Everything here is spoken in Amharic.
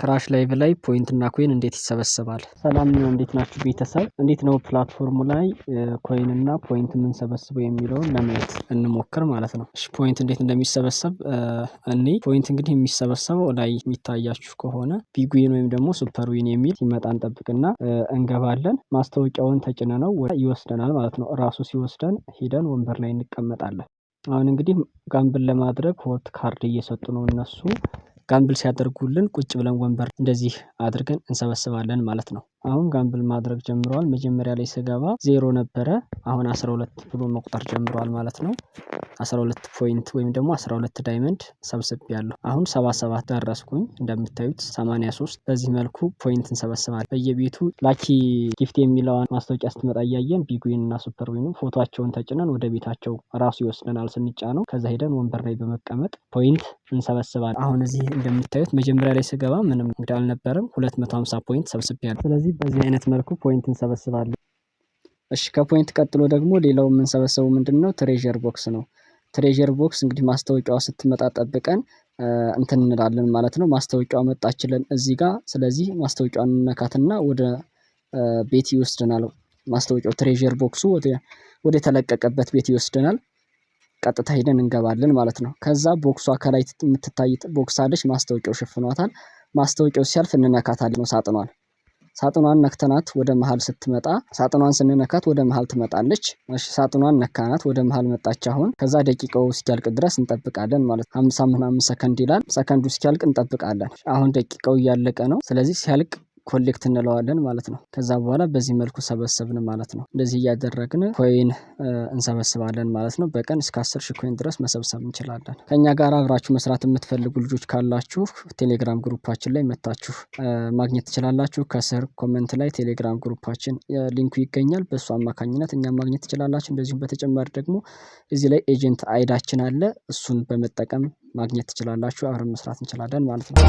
ክራሽ ላይቭ ላይ ፖይንት እና ኮይን እንዴት ይሰበሰባል? ሰላም ነው፣ እንዴት ናችሁ ቤተሰብ? እንዴት ነው ፕላትፎርሙ ላይ ኮይን እና ፖይንት የምንሰበስበው የሚለውን ለማየት እንሞክር ማለት ነው። እሺ ፖይንት እንዴት እንደሚሰበሰብ እኔ ፖይንት እንግዲህ የሚሰበሰበው ላይ የሚታያችሁ ከሆነ ቢጉዊን ወይም ደግሞ ሱፐር ዊን የሚል ሲመጣ እንጠብቅና እንገባለን። ማስታወቂያውን ተጭነ ነው ይወስደናል ማለት ነው። እራሱ ሲወስደን ሂደን ወንበር ላይ እንቀመጣለን። አሁን እንግዲህ ጋምብል ለማድረግ ሆት ካርድ እየሰጡ ነው እነሱ ጋምብል ሲያደርጉልን ቁጭ ብለን ወንበር እንደዚህ አድርገን እንሰበስባለን ማለት ነው አሁን ጋምብል ማድረግ ጀምረዋል። መጀመሪያ ላይ ስገባ ዜሮ ነበረ፣ አሁን 12 ብሎ መቁጠር ጀምረዋል ማለት ነው። 12 ፖይንት ወይም ደግሞ 12 ዳይመንድ ሰብስቤ ያለሁ አሁን 77 ዳረስኩኝ እንደምታዩት 83 በዚህ መልኩ ፖይንት እንሰበስባል በየቤቱ ላኪ ጊፍት የሚለውን ማስታወቂያ ስትመጣ እያየን ቢግዊን እና ሱፐር ዊኑ ፎቶቸውን ተጭነን ወደ ቤታቸው ራሱ ይወስደናል ስንጫነው። ከዛ ሄደን ወንበር ላይ በመቀመጥ ፖይንት እንሰበስባል አሁን እዚህ እንደምታዩት መጀመሪያ ላይ ስገባ ምንም እንግዲህ አልነበረም። 250 ፖይንት ሰብስቤ ያለሁ ስለዚህ በዚህ አይነት መልኩ ፖይንት እንሰበስባለን። እሺ ከፖይንት ቀጥሎ ደግሞ ሌላው የምንሰበሰበው ምንድን ነው? ትሬዠር ቦክስ ነው። ትሬዠር ቦክስ እንግዲህ ማስታወቂያዋ ስትመጣ ጠብቀን እንትን እንላለን ማለት ነው። ማስታወቂያዋ መጣችለን እዚህ ጋር። ስለዚህ ማስታወቂያዋን እንነካትና ወደ ቤት ይወስደናል። ማስታወቂያው ትሬዠር ቦክሱ ወደ ተለቀቀበት ቤት ይወስደናል። ቀጥታ ሄደን እንገባለን ማለት ነው። ከዛ ቦክሷ ከላይ የምትታይ ቦክስ አለች። ማስታወቂያው ሽፍኗታል። ማስታወቂያው ሲያልፍ እንነካታለን ሳጥኗል ሳጥኗን ነክተናት ወደ መሃል ስትመጣ ሳጥኗን ስንነካት ወደ መሃል ትመጣለች። ሳጥኗን ነካናት ወደ መሃል መጣች። አሁን ከዛ ደቂቃው እስኪያልቅ ድረስ እንጠብቃለን ማለት ነው። ሀምሳ ምናምን ሰከንድ ይላል። ሰከንዱ እስኪያልቅ እንጠብቃለን። አሁን ደቂቃው እያለቀ ነው። ስለዚህ ሲያልቅ ኮሌክት እንለዋለን ማለት ነው። ከዛ በኋላ በዚህ መልኩ ሰበሰብን ማለት ነው። እንደዚህ እያደረግን ኮይን እንሰበስባለን ማለት ነው። በቀን እስከ አስር ሺ ኮይን ድረስ መሰብሰብ እንችላለን። ከእኛ ጋር አብራችሁ መስራት የምትፈልጉ ልጆች ካላችሁ ቴሌግራም ግሩፓችን ላይ መታችሁ ማግኘት ትችላላችሁ። ከስር ኮመንት ላይ ቴሌግራም ግሩፓችን ሊንኩ ይገኛል። በእሱ አማካኝነት እኛ ማግኘት ትችላላችሁ። እንደዚሁም በተጨማሪ ደግሞ እዚህ ላይ ኤጀንት አይዳችን አለ። እሱን በመጠቀም ማግኘት ትችላላችሁ። አብረን መስራት እንችላለን ማለት ነው።